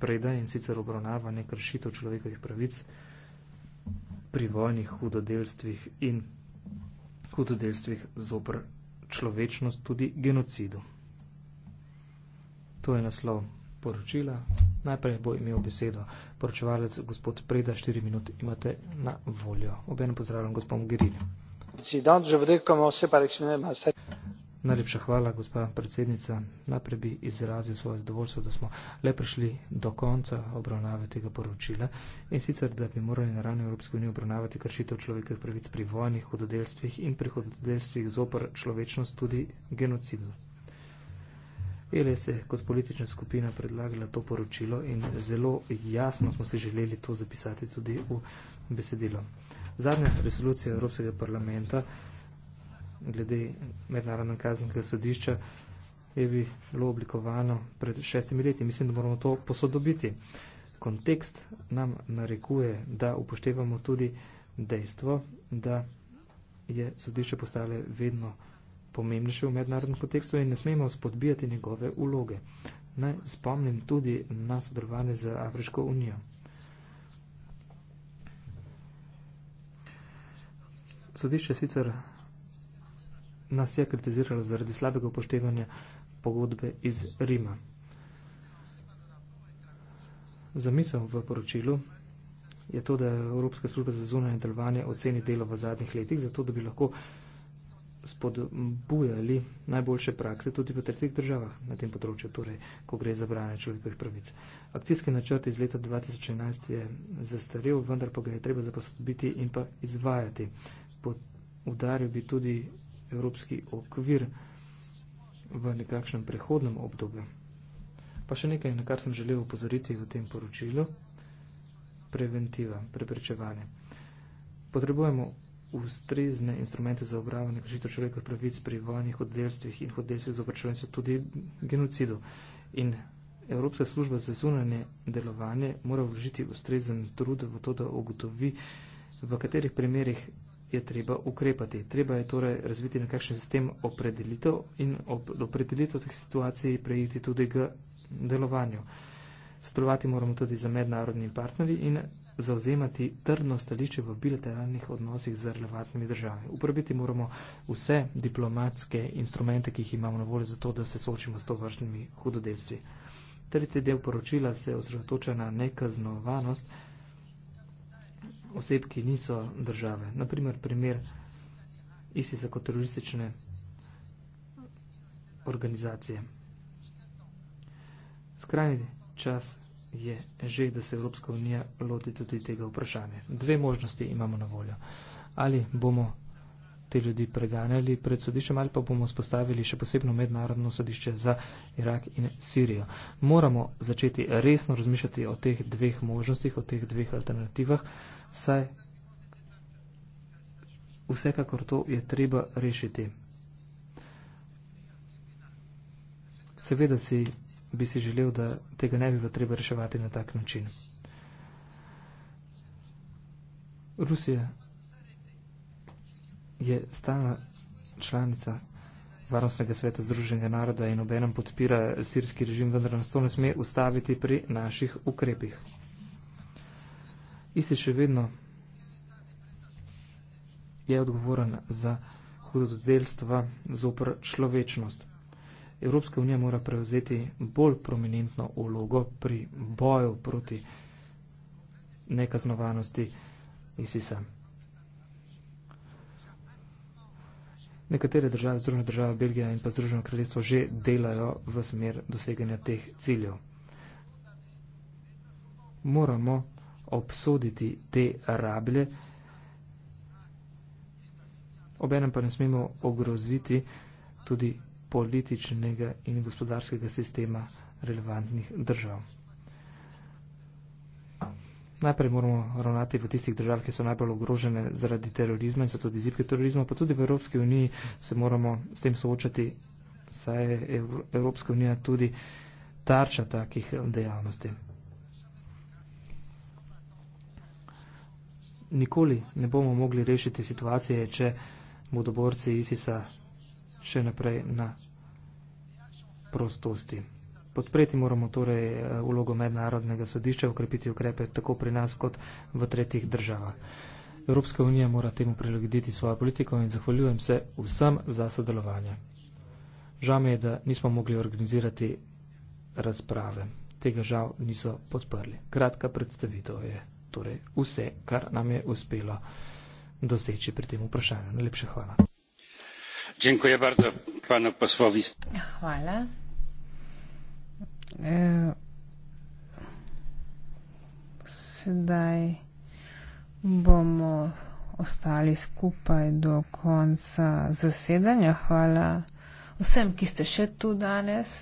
predaj in sicer obravnava nekršitev človekovih pravic pri vojnih hudodelstvih in hudodelstvih zopr človečnost, tudi genocidu. To je naslov poročila. Najprej bo imel besedo poročevalec gospod Preda, 4 minute imate na voljo. Obenem pozdravljam gospod Mogherini. Incident, je vrai, comment, c'est pas l'exprimer, mais c'est... Najlepša hvala, gospa predsednica. Najprej bi izrazil svoje zadovoljstvo, da smo le prišli do konca obravnave tega poročila in sicer, da bi morali na ravni Evropske unije obravnavati kršitev človekovih pravic pri vojnih hudodelstvih in pri hudodelstvih zopr človečnost tudi genocidu. ELS je kot politična skupina predlagala to poročilo in zelo jasno smo se želeli to zapisati tudi v besedilo. Zadnja resolucija Evropskega parlamenta glede mednarodnega kazenskega sodišča, je bilo oblikovano pred šestimi leti. Mislim, da moramo to posodobiti. Kontekst nam narekuje, da upoštevamo tudi dejstvo, da je sodišče postale vedno pomembnejše v mednarodnem kontekstu in ne smemo spodbijati njegove uloge. Naj spomnim tudi na sodelovanje z Afriško unijo. Sodišče sicer nas je kritiziralo zaradi slabega upoštevanja pogodbe iz Rima. Zamisel v poročilu je to, da je Evropska služba za zunanje delovanje oceni delo v zadnjih letih, zato da bi lahko spodbujali najboljše prakse tudi v tretjih državah na tem področju, torej ko gre za branje človekovih pravic. Akcijski načrt iz leta 2011 je zastarel, vendar pa ga je treba zaposobiti in pa izvajati. Po udaril bi tudi evropski okvir v nekakšnem prehodnem obdobju. Pa še nekaj, na kar sem želel upozoriti v tem poročilu. Preventiva, preprečevanje. Potrebujemo ustrezne instrumente za obravnavanje kršitev človekovih pravic pri vojnih oddelstvih in oddelstvih za obračunavanje tudi genocidu. In Evropska služba za zunanje delovanje mora vložiti ustrezen trud v to, da ugotovi, v katerih primerih je treba ukrepati. Treba je torej razviti nekakšen sistem opredelitev in ob opredelitev teh situacij prejiti tudi k delovanju. Sodelovati moramo tudi za mednarodnimi partnerji in zauzemati trdno stališče v bilateralnih odnosih z relevantnimi državami. Uporabiti moramo vse diplomatske instrumente, ki jih imamo na voljo, zato da se soočimo s to vrstnimi hudodelstvi. Tretji del poročila se osredotoča na nekaznovanost oseb, ki niso države. Naprimer, primer ISIS-a kot teroristične organizacije. Skrajni čas je že, da se Evropska unija loti tudi tega vprašanja. Dve možnosti imamo na voljo. Ali bomo te ljudi preganjali pred sodiščem ali pa bomo spostavili še posebno mednarodno sodišče za Irak in Sirijo. Moramo začeti resno razmišljati o teh dveh možnostih, o teh dveh alternativah, saj vsekakor to je treba rešiti. Seveda si, bi si želel, da tega ne bi bilo treba reševati na tak način. Rusija je stalna članica Varnostnega sveta Združenega naroda in obenem podpira sirski režim, vendar nas to ne sme ustaviti pri naših ukrepih. Isti še vedno je odgovoren za hudododelstva zopr človečnost. Evropska unija mora prevzeti bolj prominentno ulogo pri boju proti nekaznovanosti ISIS-a. Nekatere države, Združena država Belgija in pa Združeno kraljestvo že delajo v smer doseganja teh ciljev. Moramo obsoditi te rablje, obenem pa ne smemo ogroziti tudi političnega in gospodarskega sistema relevantnih držav najprej moramo ravnati v tistih držav, ki so najbolj ogrožene zaradi terorizma in so tudi zipke terorizma, pa tudi v Evropski uniji se moramo s tem soočati, saj je Evropska unija tudi tarča takih dejavnosti. Nikoli ne bomo mogli rešiti situacije, če bodo borci ISIS-a še naprej na prostosti podpreti moramo torej eh, ulogo mednarodnega sodišča, ukrepiti ukrepe tako pri nas kot v tretjih državah. Evropska unija mora temu prilagoditi svojo politiko in zahvaljujem se vsem za sodelovanje. Žal mi je, da nismo mogli organizirati razprave. Tega žal niso podprli. Kratka predstavitev je torej vse, kar nam je uspelo doseči pri tem vprašanju. Najlepša hvala. Hvala. E, sedaj bomo ostali skupaj do konca zasedanja. Hvala vsem, ki ste še tu danes.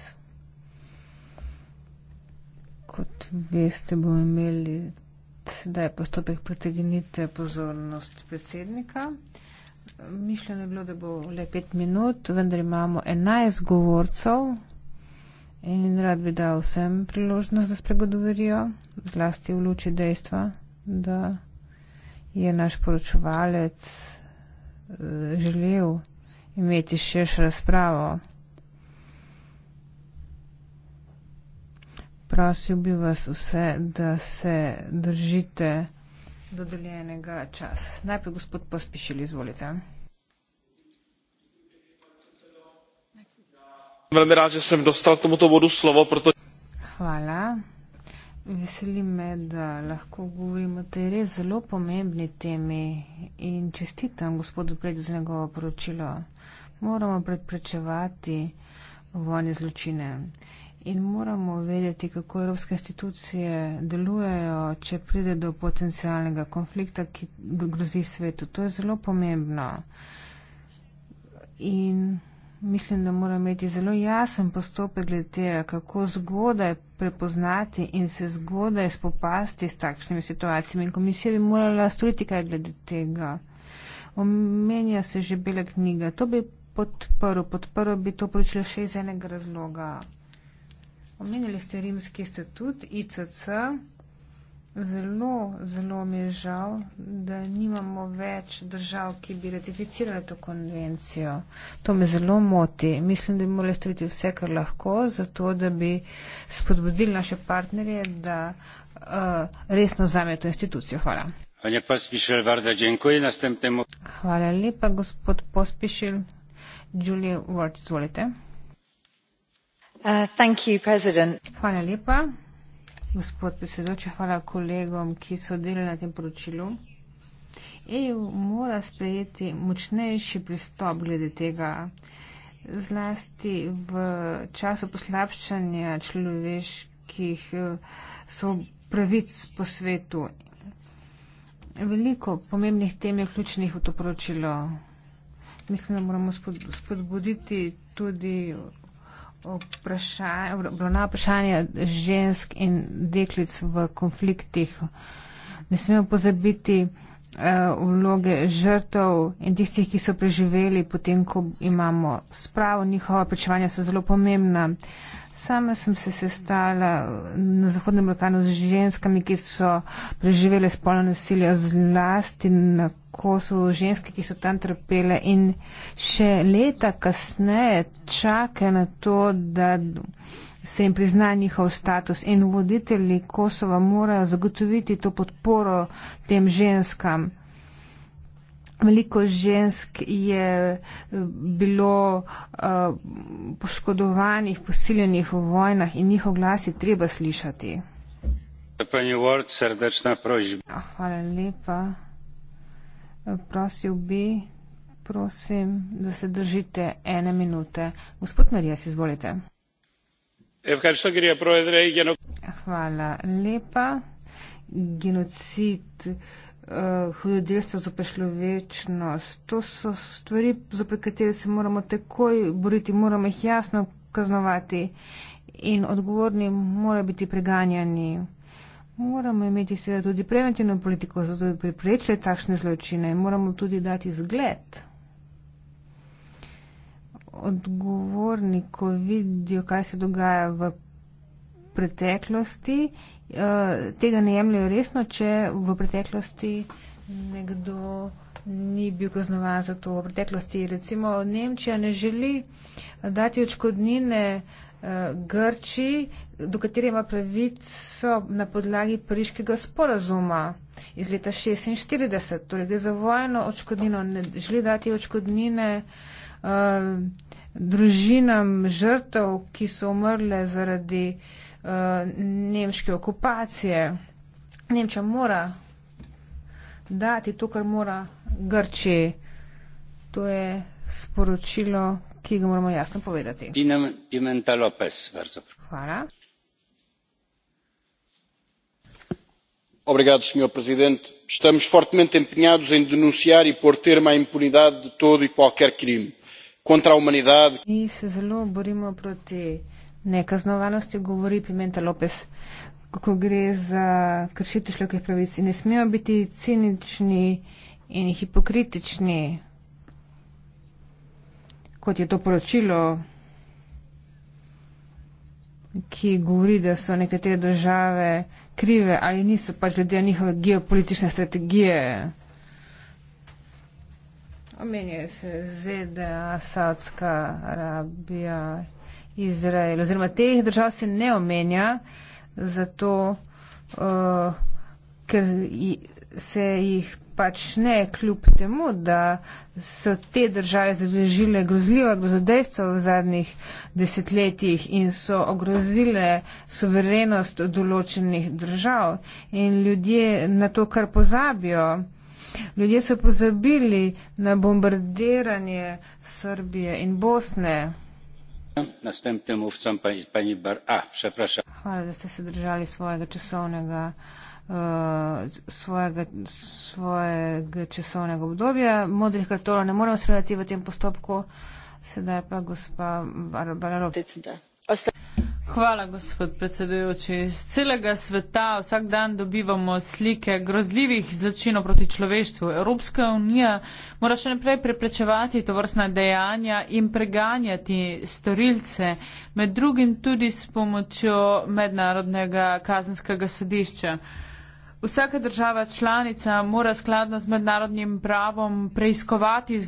Kot veste, bomo imeli sedaj postopek pritegnite pozornost predsednika. Mišljeno je bilo, da bo le pet minut, vendar imamo enajst govorcev in rad bi dal vsem priložnost, da spregovorijo, zlasti v luči dejstva, da je naš poročevalec eh, želel imeti širšo razpravo. Prosil bi vas vse, da se držite dodeljenega časa. Najprej gospod Pospišil, izvolite. Velmi rád, že jsem dostal k tomuto bodu slovo, proto... Hvala. Veseli me, da lahko govorim o tej res zelo pomembni temi in čestitam gospodu Pleđu za njegovo poročilo. Moramo preprečevati vojne zločine in moramo vedeti, kako evropske institucije delujejo, če pride do potencialnega konflikta, ki grozi svetu. To je zelo pomembno. In mislim, da mora imeti zelo jasen postopek glede tega, kako zgodaj prepoznati in se zgodaj spopasti s takšnimi situacijami. Komisija bi morala storiti kaj glede tega. Omenja se že bela knjiga. To bi podprl, podprl bi to poročilo še iz enega razloga. Omenjali ste rimski statut ICC. Zelo, zelo mi je žal, da nimamo več držav, ki bi ratificirale to konvencijo. To me zelo moti. Mislim, da bi morali storiti vse, kar lahko, zato da bi spodbudili naše partnerje, da uh, resno zamejo to institucijo. Hvala. Hvala lepa, gospod Pospišil. Julie Ward, izvolite. Uh, thank you, Hvala lepa. Gospod predsedoče, hvala kolegom, ki so delali na tem poročilu. EU mora sprejeti močnejši pristop glede tega, zlasti v času poslabšanja človeških eh, pravic po svetu. Veliko pomembnih tem je vključenih v to poročilo. Mislim, da moramo spodbuditi tudi obravnava vprašanje žensk in deklic v konfliktih. Ne smemo pozabiti eh, vloge žrtev in tistih, ki so preživeli potem, ko imamo spravo. Njihova pričevanja so zelo pomembna. Sama sem se sestala na Zahodnem Balkanu z ženskami, ki so preživele spolno nasilje zlasti na Kosovo, ženske, ki so tam trpele in še leta kasneje čake na to, da se jim prizna njihov status in voditelji Kosova morajo zagotoviti to podporo tem ženskam. Veliko žensk je eh, bilo uh, poškodovanih, posiljenih v vojnah in njihov glas je treba slišati. Ward, ja, Hvala lepa. Prosil bi, prosim, da se držite ene minute. Gospod Marijas, izvolite. Hvala lepa. Genocid. Uh, uh, hudodelstvo za prešlovečnost. To so stvari, za katere se moramo takoj boriti, moramo jih jasno kaznovati in odgovorni morajo biti preganjani. Moramo imeti seveda tudi preventivno politiko, zato bi preprečili takšne zločine in moramo tudi dati zgled. Odgovorni, ko vidijo, kaj se dogaja v preteklosti, eh, tega ne jemljajo resno, če v preteklosti nekdo ni bil kaznovan za to. V preteklosti recimo Nemčija ne želi dati očkodnine eh, Grči, do katere ima pravico na podlagi pariškega sporazuma iz leta 1946. Torej, gre za vojno očkodnino, ne želi dati očkodnine eh, družinam žrtev, ki so umrle zaradi uh, nemške okupacije. Nemčija mora dati to, kar mora Grči. To je sporočilo, ki ga moramo jasno povedati. Pimenta Lopes, vrzo. Hvala. Obrigado, Sr. Presidente. Estamos fortemente empenhados em denunciar e pôr termo à impunidade de todo e qualquer crime contra a humanidade. Mi se zelo borimo proti uh, nekaznovanosti, govori Pimenta Lopes, ko gre za kršitev človekovih pravic. Ne smejo biti cinični in hipokritični, kot je to poročilo, ki govori, da so nekatere države krive ali niso pač glede njihove geopolitične strategije. Omenjajo se ZDA, Saudska Arabija, Izrael, oziroma teh držav se ne omenja, zato, uh, ker se jih pač ne, kljub temu, da so te države zabeležile grozljiva grozodejstva v zadnjih desetletjih in so ogrozile suverenost določenih držav in ljudje na to, kar pozabijo. Ljudje so pozabili na bombardiranje Srbije in Bosne hvala da ste se držali svojega časovnega eh, svojega svojega časovnega obdobja modrih kartonov ne moremo spremljati v tem postopku sedaj pa gospa barbara ropret Hvala, gospod predsedujoči. Z celega sveta vsak dan dobivamo slike grozljivih zločinov proti človeštvu. Evropska unija mora še naprej preprečevati to vrstna dejanja in preganjati storilce, med drugim tudi s pomočjo mednarodnega kazenskega sodišča. Vsaka država članica mora skladno z mednarodnim pravom preiskovati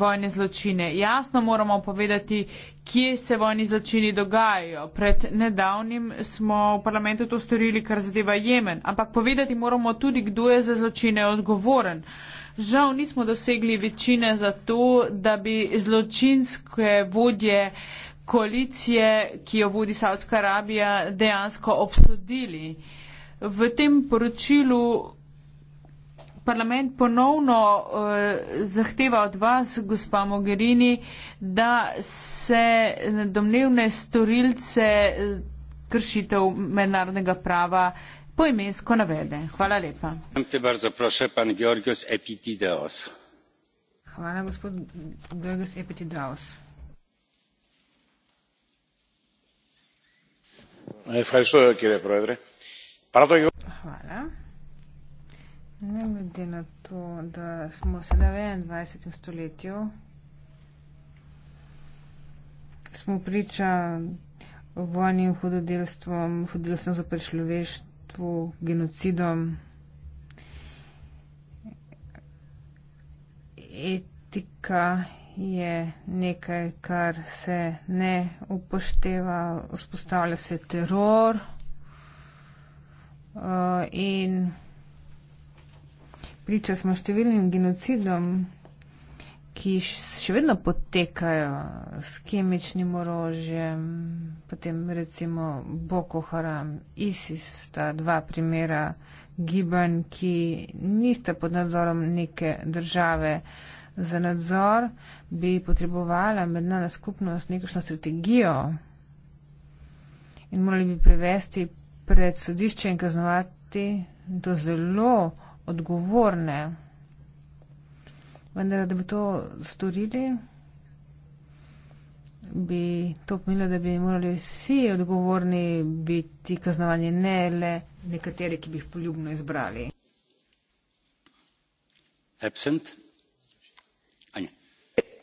vojne zločine. Jasno moramo povedati, kje se vojni zločini dogajajo. Pred nedavnim smo v parlamentu to storili, kar zadeva Jemen. Ampak povedati moramo tudi, kdo je za zločine odgovoren. Žal nismo dosegli večine za to, da bi zločinske vodje koalicije, ki jo vodi Saudska Arabija, dejansko obsodili v tem poročilu parlament ponovno uh, zahteva od vas, gospa Mogherini, da se domnevne storilce eh, kršitev mednarodnega prava poimensko navede. Hvala lepa. Hvala, gospod Georgios Epitideos. Hvala, gospod Georgios Epitideos. Prav tako. Hvala. Ne glede na to, da smo sedaj v 21. stoletju, smo priča vojnim hudodelstvom, hudodelstvom za prečloveštvo, genocidom. Etika je nekaj, kar se ne upošteva, vzpostavlja se teror. Eh, in priča smo številnim genocidom, ki še vedno potekajo s kemičnim orožjem, potem recimo Boko Haram, ISIS, ta dva primera gibanj, ki nista pod nadzorom neke države. Za nadzor bi potrebovala mednarodna skupnost nekošno strategijo in morali bi prevesti pred sodiščem kaznovati do zelo odgovorne. Vendar, da bi to storili, bi to pomenilo, da bi morali vsi odgovorni biti kaznovani, ne le nekateri, ki bi jih poljubno izbrali. Absent.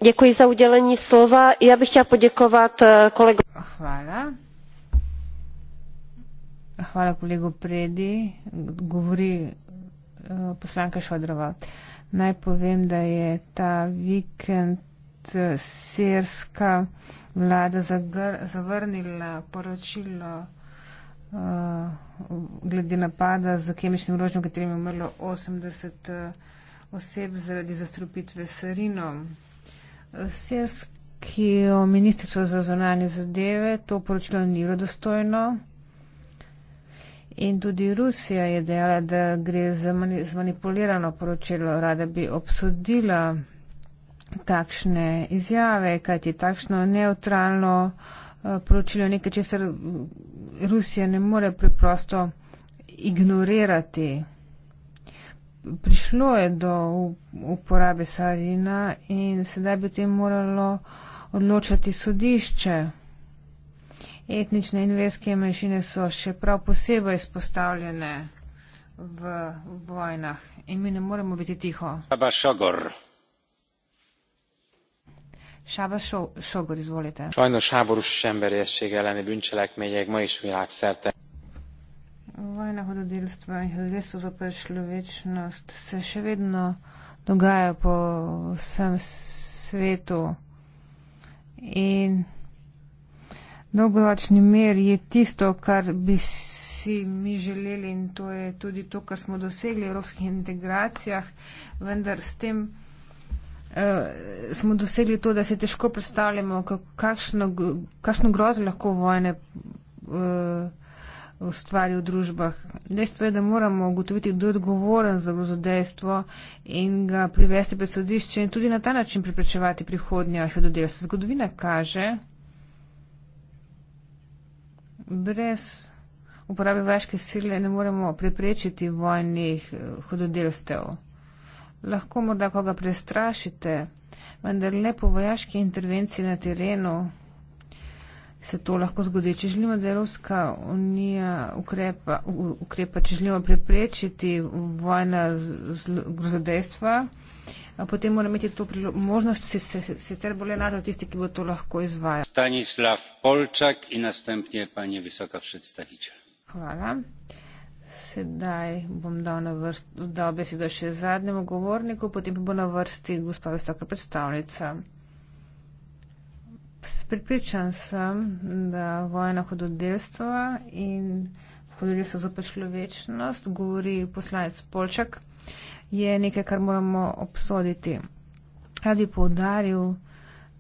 Děkuji za udělení slova. Já bych chtěla poděkovat eh, kolegu. Hvala. Hvala kolegu Predi. Govori eh, poslanka Šodrova. Naj povem, da je ta vikend eh, serska vlada zagr, zavrnila poročilo uh, glede napada z kemičnim rožnjem, v katerem je umrlo 80 oseb zaradi zastrupitve sarinom. Serski ministrstvo za zonanje zadeve to poročilo ni rodostojno. In tudi Rusija je dejala, da gre za zmanipulirano poročilo, rada bi obsodila takšne izjave, kajti takšno neutralno eh, poročilo je nekaj, česar Rusija ne more preprosto ignorirati. Prišlo je do uporabe sarina in sedaj bi o tem moralo odločati sodišče etnične in verske manjšine so še prav posebej izpostavljene v vojnah in mi ne moremo biti tiho. Šaba Šogor. Šaba šo, Šogor, izvolite. Sajno šaborusi emberiesség elleni bűncselekmények ma is világszerte. Vojna hododelstva in hododelstva za prešlovečnost se še vedno dogaja po vsem svetu. In dolgoročni mer je tisto, kar bi si mi želeli in to je tudi to, kar smo dosegli v evropskih integracijah, vendar s tem uh, smo dosegli to, da se težko predstavljamo, kakšno, kakšno grozo lahko vojne uh, ustvari v družbah. Dejstvo je, da moramo ugotoviti, kdo je odgovoren za grozodejstvo in ga privesti pred sodišče in tudi na ta način preprečevati prihodnje hudodelstvo. Zgodovina kaže, brez uporabe vaške sile ne moremo preprečiti vojnih eh, hudodelstev. Lahko morda koga prestrašite, vendar le po vojaški intervenciji na terenu se to lahko zgodi. Če želimo, da Evropska unija ukrepa, ukrepa, če želimo preprečiti vojna grozodejstva, potem mora imeti to možnost sicer bo le nadal tisti ki bo to lahko izvajal. hvala. sedaj bom dal, na vrst, dal besedo še zadnjemu govorniku potem pa bo na vrsti gospa visoka predstavnica. Pripričan sem, da vojna hododelstva in hododelstvo zopet človečnost, govori poslanec Polčak. Uh, je nekaj, kar moramo obsoditi. Rad bi poudaril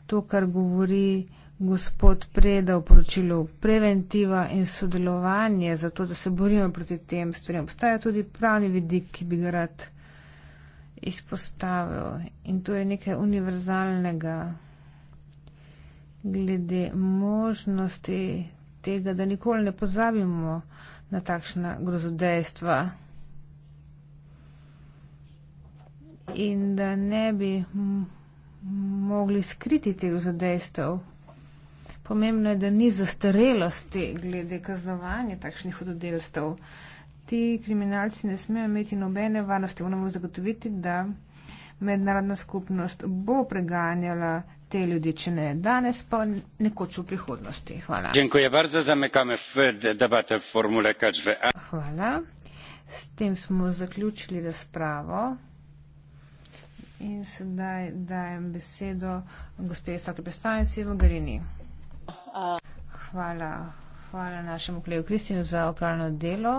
to, kar govori gospod Preda v poročilu preventiva in sodelovanje za to, da se borimo proti tem stvarem. Obstaja tudi pravni vidik, ki bi ga rad izpostavil in to je nekaj univerzalnega glede možnosti tega, da nikoli ne pozabimo na takšna grozodejstva. in da ne bi mogli skriti teh zadejstev. Pomembno je, da ni zastarelosti glede kaznovanja takšnih hododelstev. Ti kriminalci ne smejo imeti nobene varnosti. Moramo zagotoviti, da mednarodna skupnost bo preganjala te ljudi, če ne danes, pa nekoč v prihodnosti. Hvala. Hvala. S tem smo zaključili razpravo. In sedaj dajem besedo gospodinu Sakri Pestanici v Garini. Hvala, hvala našemu kolegu Kristinu za opravljeno delo,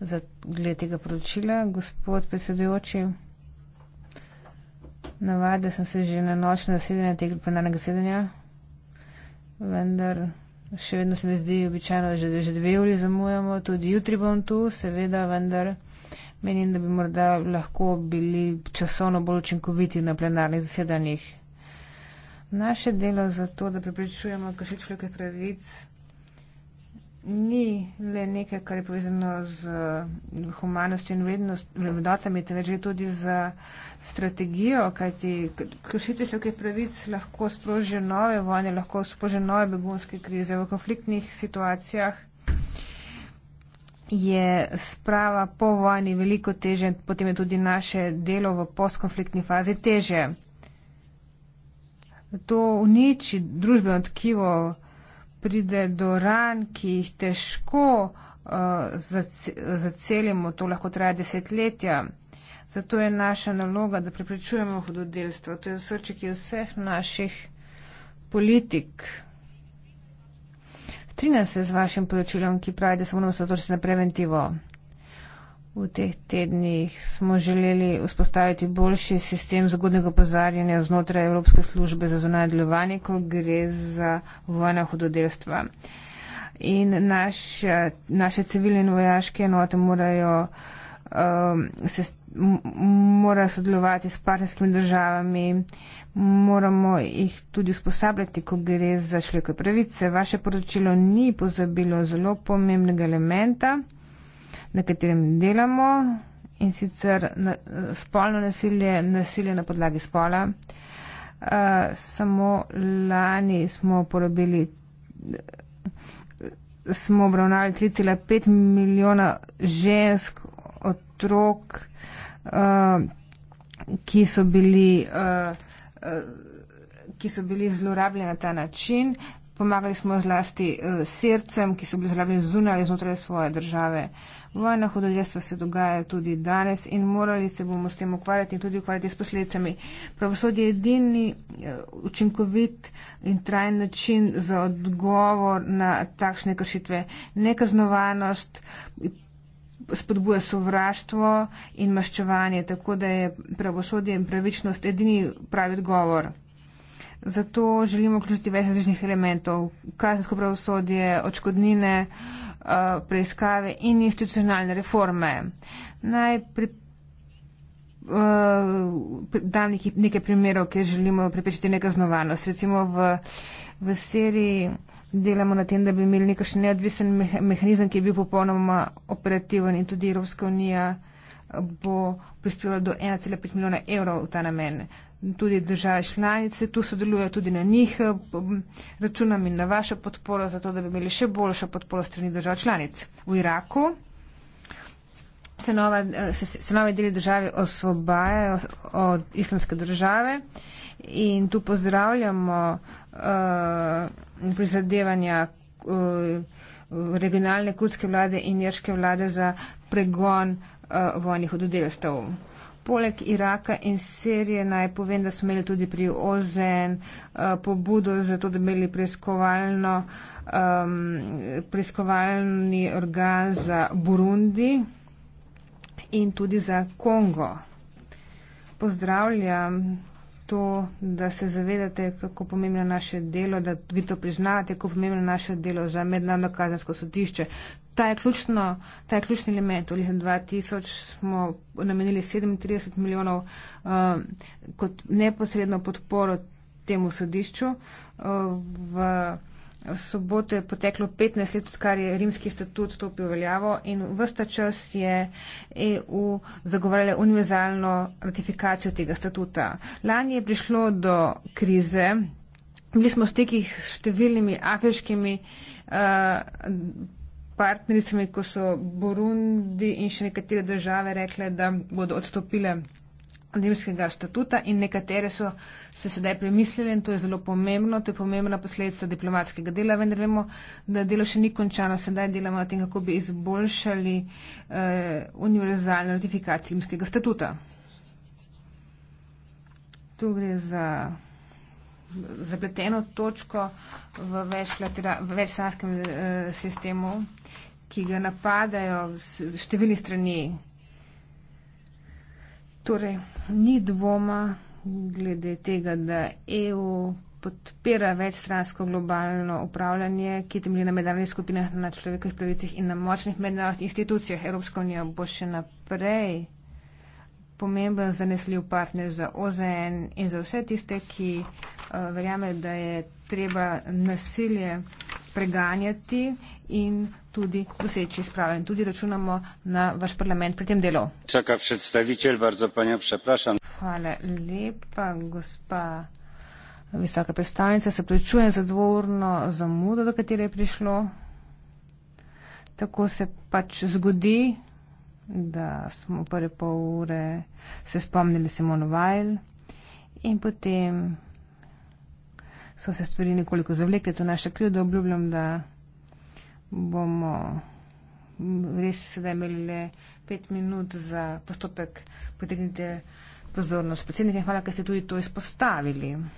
za gled tega poročila. Gospod predsedujoči, navadila sem se že na nočno zasedanje tega plenarnega zasedanja, vendar še vedno se mi zdi običajno, da že, že dve uri zamujamo, tudi jutri bom tu, seveda, vendar. Menim, da bi morda lahko bili časovno bolj učinkoviti na plenarnih zasedanjih. Naše delo za to, da preprečujemo kršitev človekovih pravic, ni le nekaj, kar je povezano z eh, humanostjo in vrednostami, temveč je tudi za strategijo, kajti kršitev človekovih pravic lahko sprožijo nove vojne, lahko sprožijo nove begunske krize v konfliktnih situacijah je sprava po vojni veliko teže, potem je tudi naše delo v postkonfliktni fazi teže. To uniči družbeno tkivo, pride do ran, ki jih težko uh, zacelimo, to lahko traja desetletja. Zato je naša naloga, da preprečujemo hudodelstvo. To je srček vseh naših politik. Strinjam se z vašim poročilom, ki pravi, da se moramo sotočiti na preventivo. V teh tednih smo želeli vzpostaviti boljši sistem zgodnega pozarjanja znotraj Evropske službe za zunanje delovanje, ko gre za vojna hudodelstva. In naš, naše civilne in vojaške enote morajo uh, se mora sodelovati s partnerskimi državami, moramo jih tudi usposabljati, ko gre za človekove pravice. Vaše poročilo ni pozabilo zelo pomembnega elementa, na katerem delamo in sicer na, spolno nasilje, nasilje na podlagi spola. Uh, samo lani smo porabili, smo obravnavali 3,5 milijona žensk otrok, eh, ki so bili, eh, eh, ki so bili zlorabljeni na ta način. Pomagali smo zlasti sircem, ki so bili zlorabljeni zunaj ali znotraj svoje države. Vojna hudodeljstva se dogaja tudi danes in morali se bomo s tem ukvarjati in tudi ukvarjati s posledicami. Pravosodje je edini učinkovit in trajen način za odgovor na takšne kršitve. Nekaznovanost, spodbuja sovraštvo in maščevanje, tako da je pravosodje in pravičnost edini pravi odgovor. Zato želimo vključiti več različnih elementov, kazensko pravosodje, očkodnine, eh, preiskave in institucionalne reforme. Naj eh, dam nekaj primerov, kjer želimo pripečiti nekaznovanost. Recimo v, v seriji delamo na tem, da bi imeli nekakšen neodvisen mehanizem, ki je bil popolnoma operativen in tudi Evropska unija eh, bo prispevala do 1,5 milijona evrov v ta namen. Tudi države članice tu sodelujejo, tudi na njih eh, računam in na vašo podporo, zato da bi imeli še boljšo podporo strani držav članic. V Iraku se, nova, eh, se, se nove deli države osvobajajo od islamske države in tu pozdravljamo uh, prizadevanja uh, regionalne kurdske vlade in jerške vlade za pregon uh, vojnih hododelstev. Poleg Iraka in Sirije naj povem, da smo imeli tudi pri OZN uh, pobudo za to, da bi imeli preiskovalno, um, preiskovalni organ za Burundi in tudi za Kongo. Pozdravljam to, da se zavedate, kako pomembno je naše delo, da vi to priznate, kako pomembno je naše delo za mednarodno kazensko sodišče. Ta je, ključno, ta je ključni element. V letu 2000 smo namenili 37 milijonov uh, kot neposredno podporo temu sodišču. Uh, V soboto je poteklo 15 let, odkar je rimski statut stopil v veljavo in vsta čas je EU zagovarjala univerzalno ratifikacijo tega statuta. Lani je prišlo do krize. Bili smo v stikih s številnimi afriškimi uh, partnericami, ko so Burundi in še nekatere države rekle, da bodo odstopile Rimskega statuta in nekatere so se sedaj premislili in to je zelo pomembno. To je pomembna posledica diplomatskega dela, vendar vemo, da delo še ni končano. Sedaj delamo na tem, kako bi izboljšali eh, univerzalno ratifikacijo Rimskega statuta. Tu gre za zapleteno točko v večsanskem eh, sistemu, ki ga napadajo številni strani Torej, ni dvoma glede tega, da EU podpira večstransko globalno upravljanje, ki temelji na mednarodnih skupinah, na človekovih pravicah in na močnih mednarodnih institucijah. Evropska unija bo še naprej pomemben zanesljiv partner za OZN in za vse tiste, ki uh, verjamejo, da je treba nasilje uh, preganjati in tudi doseči sprave. In tudi računamo na vaš parlament pri tem delu. Hvala lepa, gospa visoka predstavnica. Se pričujem za dvorno zamudo, do katere je prišlo. Tako se pač zgodi, da smo prve pol ure se spomnili Simono Vajl in potem so se stvari nekoliko zavlekle, to naša krivda, obljubljam, da bomo res sedaj imeli le pet minut za postopek, potegnite pozornost. Predsednik, hvala, ker ste tudi to izpostavili.